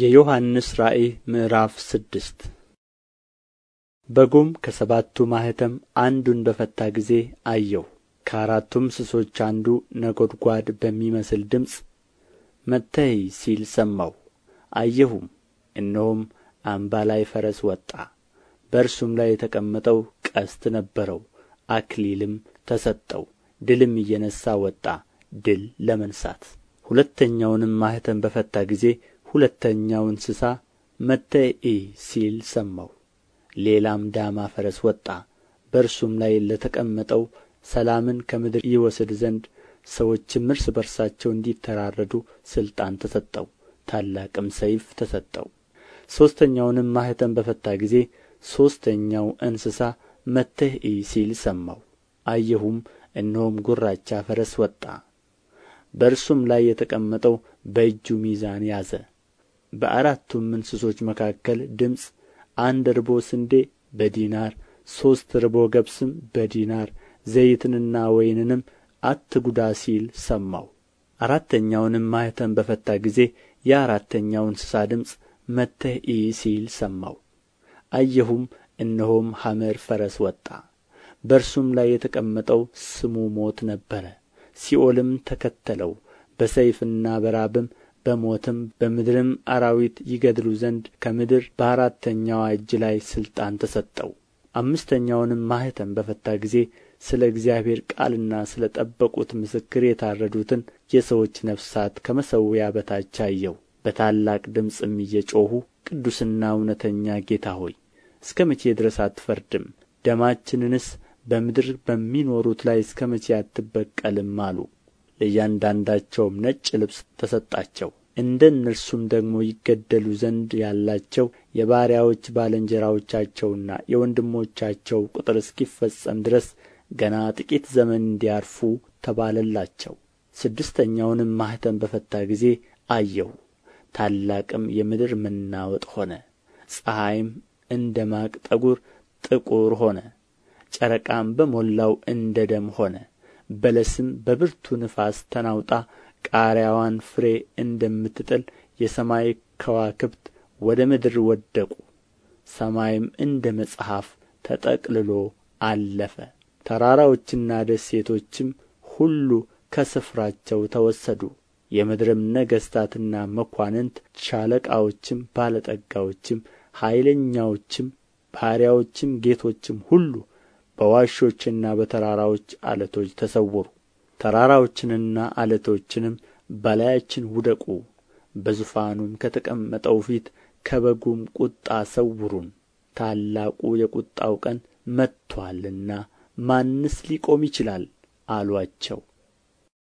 የዮሐንስ ራእይ ምዕራፍ ስድስት በጉም ከሰባቱ ማኅተም አንዱን በፈታ ጊዜ አየሁ። ከአራቱም እንስሶች አንዱ ነጎድጓድ በሚመስል ድምፅ መተይ ሲል ሰማሁ። አየሁም፣ እነሆም ላይ ፈረስ ወጣ፣ በእርሱም ላይ የተቀመጠው ቀስት ነበረው፣ አክሊልም ተሰጠው። ድልም እየነሣ ወጣ፣ ድል ለመንሳት ሁለተኛውንም ማኅተም በፈታ ጊዜ ሁለተኛው እንስሳ መጥተህ ሲል ሰማሁ ሌላም ዳማ ፈረስ ወጣ በእርሱም ላይ ለተቀመጠው ሰላምን ከምድር ይወስድ ዘንድ ሰዎችም እርስ በርሳቸው እንዲተራረዱ ሥልጣን ተሰጠው ታላቅም ሰይፍ ተሰጠው ሦስተኛውንም ማኅተም በፈታ ጊዜ ሦስተኛው እንስሳ መተህ ሲል ሰማሁ አየሁም እነሆም ጒራቻ ፈረስ ወጣ በእርሱም ላይ የተቀመጠው በእጁ ሚዛን ያዘ በአራቱም እንስሶች መካከል ድምፅ አንድ እርቦ ስንዴ በዲናር ሦስት እርቦ ገብስም በዲናር ዘይትንና ወይንንም አትጉዳ ሲል ሰማው። አራተኛውንም ማኅተም በፈታ ጊዜ የአራተኛው እንስሳ ድምፅ መጥተህ እይ ሲል ሰማው። አየሁም እነሆም ሐመር ፈረስ ወጣ በእርሱም ላይ የተቀመጠው ስሙ ሞት ነበረ ሲኦልም ተከተለው በሰይፍና በራብም በሞትም በምድርም አራዊት ይገድሉ ዘንድ ከምድር በአራተኛዋ እጅ ላይ ሥልጣን ተሰጠው አምስተኛውንም ማኅተም በፈታ ጊዜ ስለ እግዚአብሔር ቃልና ስለ ጠበቁት ምስክር የታረዱትን የሰዎች ነፍሳት ከመሠዊያ በታች አየው። በታላቅ ድምፅም እየጮኹ ቅዱስና እውነተኛ ጌታ ሆይ እስከ መቼ ድረስ አትፈርድም ደማችንንስ በምድር በሚኖሩት ላይ እስከ መቼ አትበቀልም አሉ ለእያንዳንዳቸውም ነጭ ልብስ ተሰጣቸው እንደ እነርሱም ደግሞ ይገደሉ ዘንድ ያላቸው የባሪያዎች ባልንጀሮቻቸውና የወንድሞቻቸው ቁጥር እስኪፈጸም ድረስ ገና ጥቂት ዘመን እንዲያርፉ ተባለላቸው ስድስተኛውንም ማኅተም በፈታ ጊዜ አየሁ ታላቅም የምድር መናወጥ ሆነ ፀሐይም እንደ ማቅ ጠጉር ጥቁር ሆነ ጨረቃም በሞላው እንደ ደም ሆነ በለስም በብርቱ ንፋስ ተናውጣ ቃሪያዋን ፍሬ እንደምትጥል የሰማይ ከዋክብት ወደ ምድር ወደቁ ሰማይም እንደ መጽሐፍ ተጠቅልሎ አለፈ ተራራዎችና ደሴቶችም ሁሉ ከስፍራቸው ተወሰዱ የምድርም ነገሥታትና መኳንንት ሻለቃዎችም ባለጠጋዎችም ኃይለኛዎችም ባሪያዎችም ጌቶችም ሁሉ በዋሾችና በተራራዎች ዓለቶች ተሰወሩ ተራራዎችንና ዓለቶችንም በላያችን ውደቁ በዙፋኑም ከተቀመጠው ፊት ከበጉም ቁጣ ሰውሩን ታላቁ የቁጣው ቀን መጥቶአልና ማንስ ሊቆም ይችላል አሉአቸው